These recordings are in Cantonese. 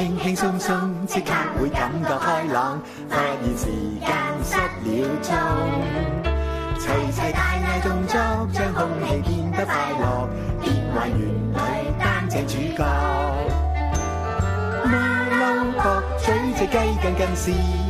輕輕鬆鬆，即刻會感覺開朗，發現時間失了蹤。齊齊大嗌動作，將空氣變得快樂，變為原來擔正主角。馬騮哥，嘴直雞近近視。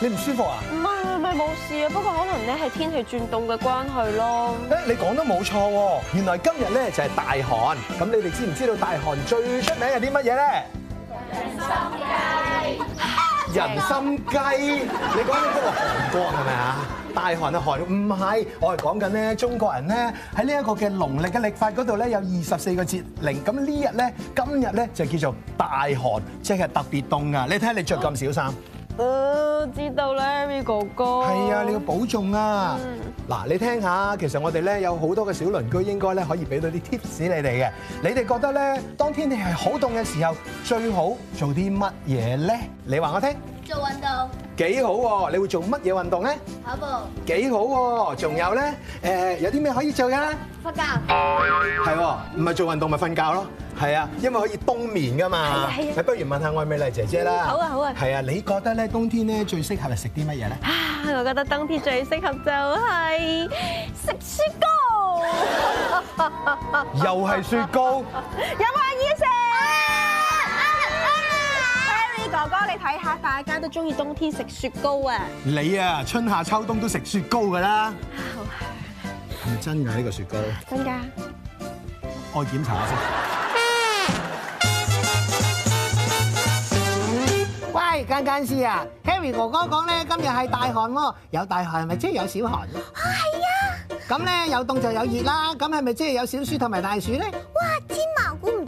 你唔舒服啊？唔係唔係冇事啊，不過可能咧係天氣轉凍嘅關係咯。誒，你講得冇錯喎，原來今日咧就係大寒。咁你哋知唔知道大寒最出名係啲乜嘢咧？人心雞，人心雞，心雞，你講呢句話韓國係咪啊？大寒啊寒，唔係，我係講緊咧中國人咧喺呢一個嘅農曆嘅曆法嗰度咧有二十四個節令，咁呢日咧今日咧就叫做大寒，即係特別凍㗎！你睇下你着咁少衫。嗯。我知道啦，Amy 哥哥。係啊，你要保重啊！嗱，你聽下，其實我哋咧有好多嘅小鄰居應該咧可以俾到啲 tips 你哋嘅。你哋覺得咧，當天氣係好凍嘅時候，最好做啲乜嘢咧？你話我聽。做運動。幾好，你會做乜嘢運動咧？跑步。幾好，仲有咧？誒，有啲咩可以做噶咧？瞓覺。係，唔係做運動咪瞓覺咯。係啊，因為可以冬眠噶嘛。係啊，不如問下愛美麗姐姐啦。好啊，好啊。係啊，你覺得咧冬天咧最適合係食啲乜嘢咧？啊，我覺得冬天最適合就係食雪糕。 又係雪糕。有冇人要食？啊，Harry 哥哥，你睇下，大家都中意冬天食雪糕啊。你啊，春夏秋冬都食雪糕㗎啦。好。 係咪真㗎呢個雪糕？真㗎的。我檢查下先。間間絲啊，Harry 哥哥講咧，今日係大寒喎，有大寒係咪即係有小寒咧？啊是的，係啊！咁咧有凍就有熱啦，咁係咪即係有小暑同埋大暑咧？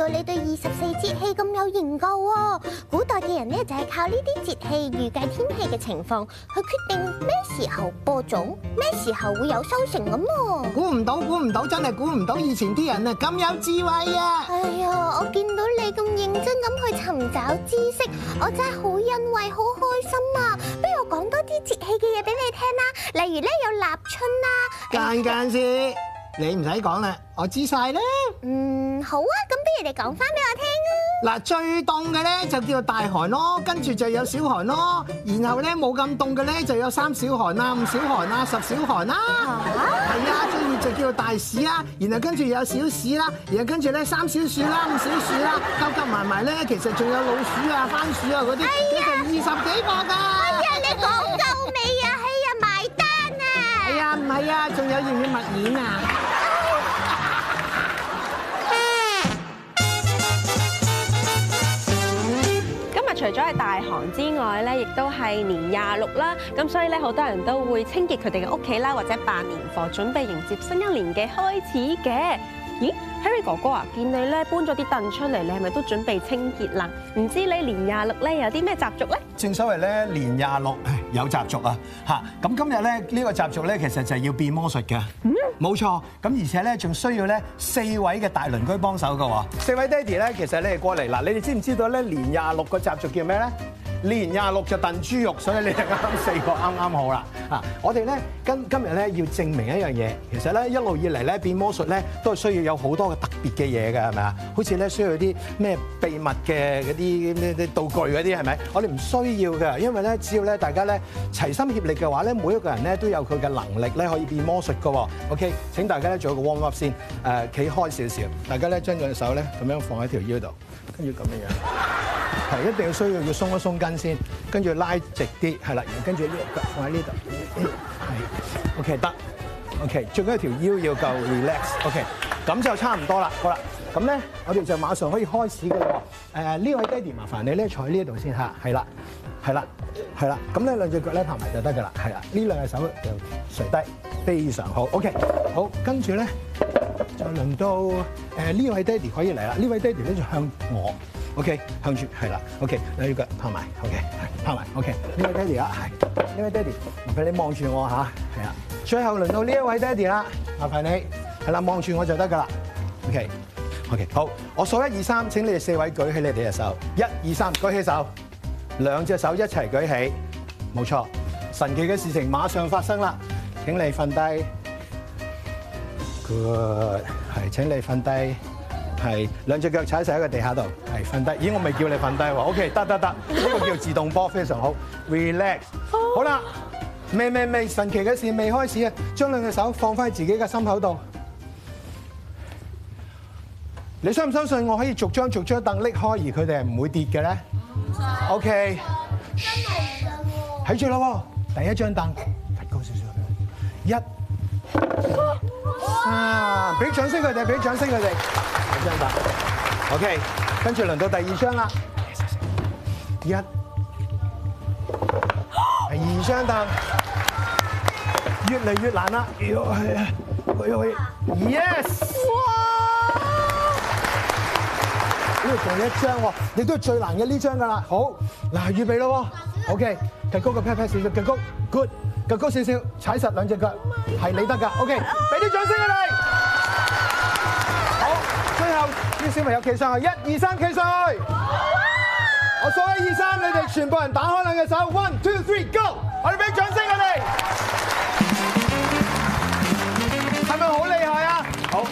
你對二十四節氣咁有研究喎、啊，古代嘅人咧就係、是、靠呢啲節氣預計天氣嘅情況，去決定咩時候播種，咩時候會有收成咁咯。估唔到，估唔到，真係估唔到，以前啲人啊，咁有智慧啊！哎呀，我見到你咁認真咁去尋找知識，我真係好欣慰，好開心啊！不如我講多啲節氣嘅嘢俾你聽啦，例如咧有立春啦、啊，間間先。你唔使講啦，我知晒啦。嗯，好啊，咁不如你講翻俾我聽啊。嗱，最凍嘅咧就叫做大寒咯，跟住就有小寒咯，然後咧冇咁凍嘅咧就有三小寒啦五小寒啦十小寒啦。係啊，最熱、啊、就叫做大暑啦，然後跟住有小屎啦，然後跟住咧三小暑啦、五小暑啦，夾夾埋埋咧，其實仲有老鼠啊、番薯啊嗰啲，一共二十幾個噶、啊。哎呀，你講夠未啊？係啊、 哎，埋單啊。係啊，唔係啊，仲有件嘢物演啊。除咗係大寒之外咧，亦都係年廿六啦，咁所以咧好多人都會清潔佢哋嘅屋企啦，或者辦年貨，準備迎接新一年嘅開始嘅。咦，Harry 哥哥啊，見你咧搬咗啲凳出嚟，你係咪都準備清潔啦？唔知你年廿六咧有啲咩習俗咧？正所謂咧年廿六有習俗啊，吓，咁今日咧呢個習俗咧其實就係要變魔術嘅，嗯，冇錯。咁而且咧仲需要咧四位嘅大鄰居幫手㗎喎。四位爹哋咧其實你哋過嚟啦。你哋知唔知道咧年廿六個習俗叫咩咧？年廿六就燉豬肉，所以你就啱四個啱啱好啦。我哋咧今今日咧要證明一樣嘢，其實咧一路以嚟咧變魔術咧都係需要有好多嘅特別嘅嘢㗎，係咪啊？好似咧需要啲咩秘密嘅嗰啲咩道具嗰啲係咪？我哋唔需要㗎，因為咧只要咧大家咧齊心協力嘅話咧，每一個人咧都有佢嘅能力咧可以變魔術㗎。OK，請大家咧做一個 warm up 先，誒企開少少，大家咧將個手咧咁樣放喺條腰度，跟住咁樣樣。係，一定要需要要鬆一鬆筋先，跟住拉直啲，係啦，然後跟住呢個腳放喺呢度，OK 得，OK 最緊要條腰要夠 relax，OK，咁就差唔多啦，好啦，咁咧我哋就馬上可以開始噶啦喎，誒呢位爹哋麻煩你咧坐喺呢度先吓，係啦，係啦，係啦，咁咧兩隻腳咧拍埋就得噶啦，係啦，呢兩隻手就垂低，非常好，OK，好，跟住咧就輪到誒呢位爹哋可以嚟啦，呢位爹哋咧就向我。OK，向住係啦。OK，兩隻腳拍埋。OK，拍埋。OK，呢位爹哋啊，係呢位爹哋，唔俾你望住我吓，係啊，最後輪到呢一位爹哋啦，麻煩你。係啦，望住我就得噶啦。OK，OK，好，好，好，我數一二三，請你哋四位舉起你哋隻手。一二三，舉起手，兩隻手一齊舉起，冇錯。神奇嘅事情馬上發生啦！請你瞓低。Good，係，請你瞓低。係兩隻腳踩喺曬喺個地下度，係瞓低。咦，我未叫你瞓低喎。OK，得得得，呢個叫自動波，非常好。Relax，好啦，未未未，神奇嘅事未開始啊！將兩隻手放翻喺自己嘅心口度。你相唔相信我可以逐張逐張凳搦開，而佢哋係唔會跌嘅咧？OK，睇住咯，第一張凳，提高少少，一，啊，俾掌聲佢哋，俾掌聲佢哋。張凳，OK，跟住輪到第二張啦，一，二張凳，越嚟越難啦，哎呀，哎呀，哎呀，Yes，哇，呢度仲有一張喎，亦都係最難嘅呢張㗎啦，好，嗱預備咯，OK，趌高個 pat pat 少少，趌高，Good，趌高少少，踩實兩隻腳，係你得㗎，OK，俾啲掌聲佢哋。啲小朋友企上去，1, 2, 3, 一、二、三，企上去。我數一、二、三，你哋全部人打開兩隻手。One, two, three, go！我哋俾掌聲佢哋。係咪好厲害啊？好。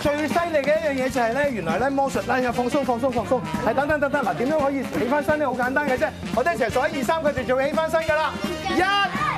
最犀利嘅一樣嘢就係咧，原來咧魔術啦，又放鬆放鬆放鬆，係等等等等。嗱，點樣可以起翻身咧？好簡單嘅啫。我哋一齊數一、二、三，佢哋就會起翻身噶啦。一。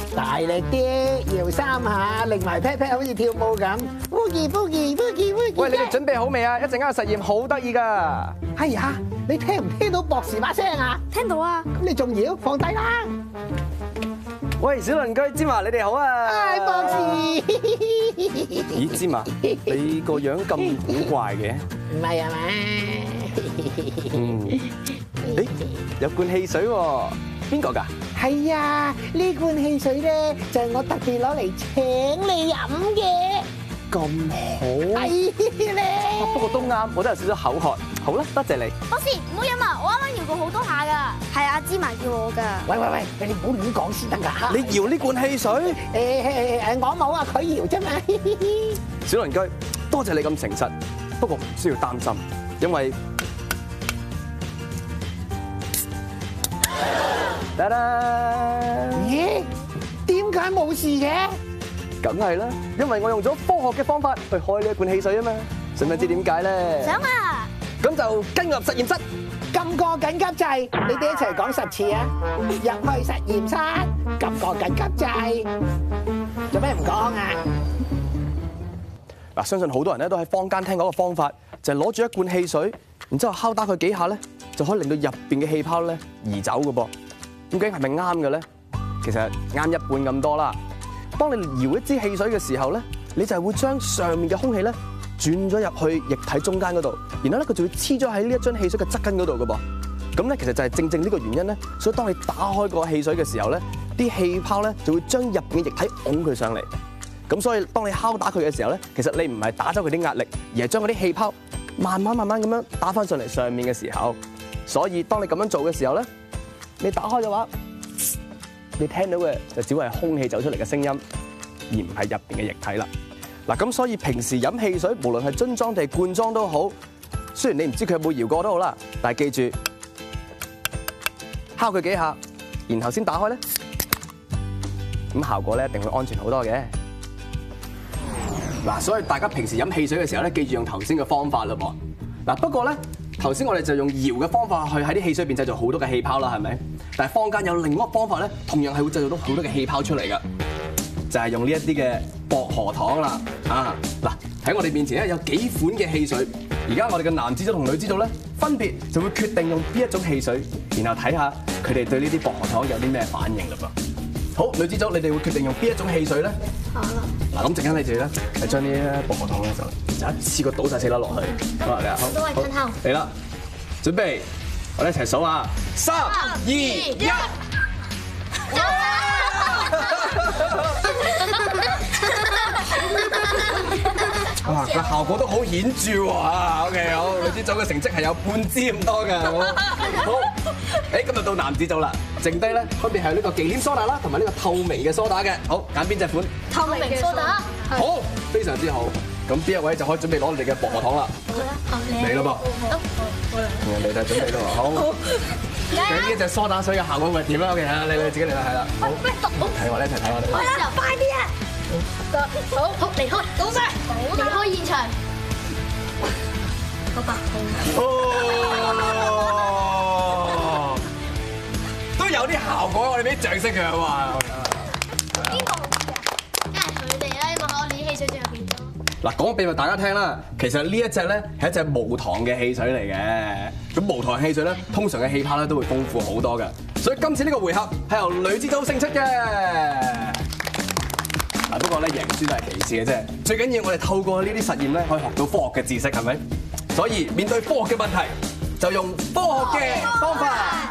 大力啲，搖三下，拎埋 pat pat，好似跳舞咁。波奇波奇波奇波奇。喂，你哋準備好未啊？一陣間實驗好得意噶。哎呀，你聽唔聽到博士把聲啊？聽到啊。咁你仲要放低啦？喂，小鄰居芝麻，你哋好啊。啊，博士。咦，芝麻，你個樣咁古怪嘅。唔係啊嘛。嗯。誒，有罐汽水喎。邊個噶？係啊，呢罐汽水咧就係我特別攞嚟請你飲嘅。咁好？係咧。不過都啱，我都有少少口渴。好啦，多謝你。博士唔好飲啊！我啱啱搖過好多下噶，係阿芝麻叫我噶。喂喂喂，你唔好亂講先得噶。你搖呢罐汽水？誒誒誒，我冇啊，佢搖啫嘛。小鄰居，多謝你咁誠實。不過唔需要擔心，因為。啦？咦？點解冇事嘅？梗係啦，因為我用咗科學嘅方法去開呢一罐汽水啊嘛！使唔使知點解咧？想啊！咁就跟入實驗室，撳個緊急掣，你哋一齊講十次啊！入去實驗室，撳個緊急掣，有咩唔講啊？嗱，相信好多人咧都喺坊間聽過個方法，就係攞住一罐汽水，然之後敲打佢幾下咧，就可以令到入邊嘅氣泡咧移走噶噃。究竟係咪啱嘅咧？其實啱一半咁多啦。當你搖一支汽水嘅時候咧，你就係會將上面嘅空氣咧轉咗入去液體中間嗰度，然後咧佢就會黐咗喺呢一樽汽水嘅側根嗰度嘅噃。咁咧其實就係正正呢個原因咧，所以當你打開個汽水嘅時候咧，啲氣泡咧就會將入邊嘅液體拱佢上嚟。咁所以當你敲打佢嘅時候咧，其實你唔係打走佢啲壓力，而係將嗰啲氣泡慢慢慢慢咁樣打返上嚟上面嘅時候，所以當你咁樣做嘅時候咧。你打開嘅話，你聽到嘅就只會係空氣走出嚟嘅聲音，而唔係入邊嘅液體啦。嗱，咁所以平時飲汽水，無論係樽裝定係罐裝都好，雖然你唔知佢有冇搖過都好啦，但係記住敲佢幾下，然後先打開咧，咁效果咧一定會安全好多嘅。嗱，所以大家平時飲汽水嘅時候咧，記住用頭先嘅方法啦噃。嗱，不過咧。頭先我哋就用搖嘅方法去喺啲汽水入邊製造好多嘅氣泡啦，係咪？但係坊間有另一個方法咧，同樣係會製造到好多嘅氣泡出嚟嘅，就係用呢一啲嘅薄荷糖啦。啊，嗱，喺我哋面前咧有幾款嘅汽水，而家我哋嘅男子組同女子組咧分別就會決定用邊一種汽水，然後睇下佢哋對呢啲薄荷糖有啲咩反應啦噃。好，女子組，你哋會決定用邊一種汽水咧？啊好喇，嗱，咁陣間你哋咧係將呢啲薄荷糖咧就。一次過倒晒四粒落去。好，嚟啦，準備，我哋一齊數下，三二一。哇！嗱，效果都好顯著喎。OK，好，女子組嘅成績係有半支咁多嘅。好，好。誒，今日到男子組啦。剩低咧，分別係呢個忌廉梳打啦，同埋呢個透明嘅梳打嘅。好，揀邊隻款？透明嘅梳打。好，非常之好。咁邊一位就可以準備攞你哋嘅薄荷糖啦，嚟咯噃，嚟就準備咯，好，呢隻梳打水嘅效果咪點啊？我哋睇下，你哋自己嚟睇啦，好，睇我哋一齊睇我哋，快啲啊，得，好，好，離開，到咩？離開現場，好白控，哦，都有啲效果，我哋俾掌聲佢吖。嗱，講俾大家聽啦，其實呢一隻咧係一隻無糖嘅汽水嚟嘅。咁無糖汽水咧，通常嘅氣泡咧都會豐富好多嘅。所以今次呢個回合係由女子組勝出嘅。嗱， 不過咧贏輸都係其次嘅啫。最緊要我哋透過呢啲實驗咧，可以學到科學嘅知識，係咪？所以面對科學嘅問題，就用科學嘅方法。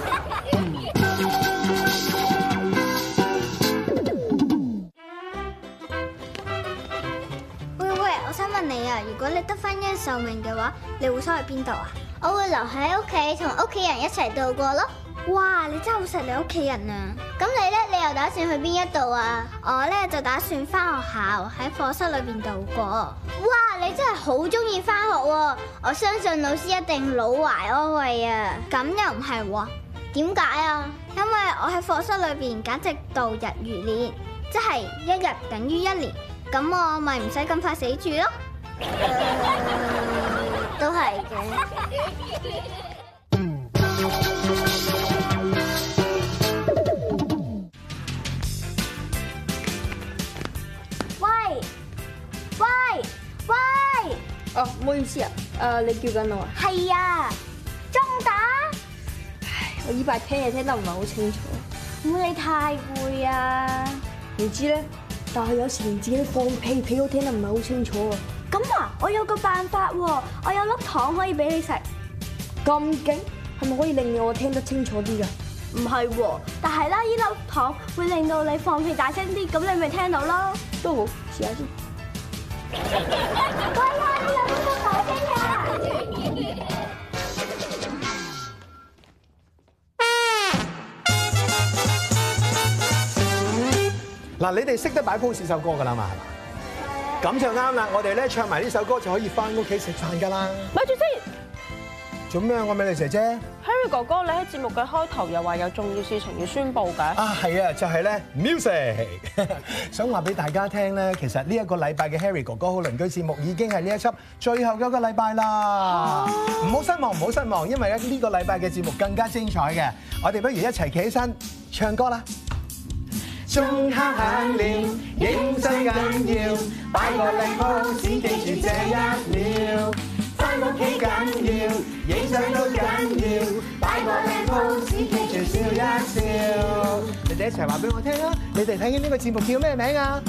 你啊，如果你得翻一壽命嘅話，你會想去邊度啊？我會留喺屋企，同屋企人一齊度過咯。哇，你真係好錫你屋企人啊！咁你呢？你又打算去邊一度啊？我呢，就打算翻學校喺課室裏邊度過。哇，你真係好中意翻學喎！我相信老師一定老懷安慰啊。咁又唔係喎。點解啊？因為我喺課室裏邊簡直度日如年，即係一日等於一年。咁我咪唔使咁快死住咯。都係嘅。呃、喂！喂！喂！哦，唔好意思啊，誒，你叫緊我啊？係啊，中打？唉，我依排聽嘢聽得唔係好清楚，唔會太攰啊？你知咧？但係有時連自己都放屁，屁，俾我聽得唔係好清楚啊。咁啊，我有個辦法喎，我有粒糖可以俾你食。咁勁，係咪可以令到我聽得清楚啲噶？唔係喎，但係啦，呢粒糖會令到你放屁大聲啲，咁你咪聽到咯。都好，試下先。喂呀，你放大聲呀！嗱，你哋識得擺 pose 首歌噶啦嘛？咁就啱啦！我哋咧唱埋呢首歌就可以返屋企食飯㗎啦等。咪住先，做咩，我美麗姐姐？Harry 哥哥，你喺節目嘅開頭又話有重要事情要宣佈㗎？啊，係啊，就係咧，music，想話俾大家聽咧，其實呢一個禮拜嘅 Harry 哥哥好鄰居節目已經係呢一輯最後一個禮拜啦。唔好、哦、失望，唔好失望，因為咧呢個禮拜嘅節目更加精彩嘅。我哋不如一齊企起身唱歌啦。中刻眼了，影真緊要。擺個靚 pose，記住這一秒，返屋企緊要，影相都緊要，擺個靚 pose，記住笑一笑。你哋一齊話畀我聽啊！你哋睇緊呢個節目叫咩名啊？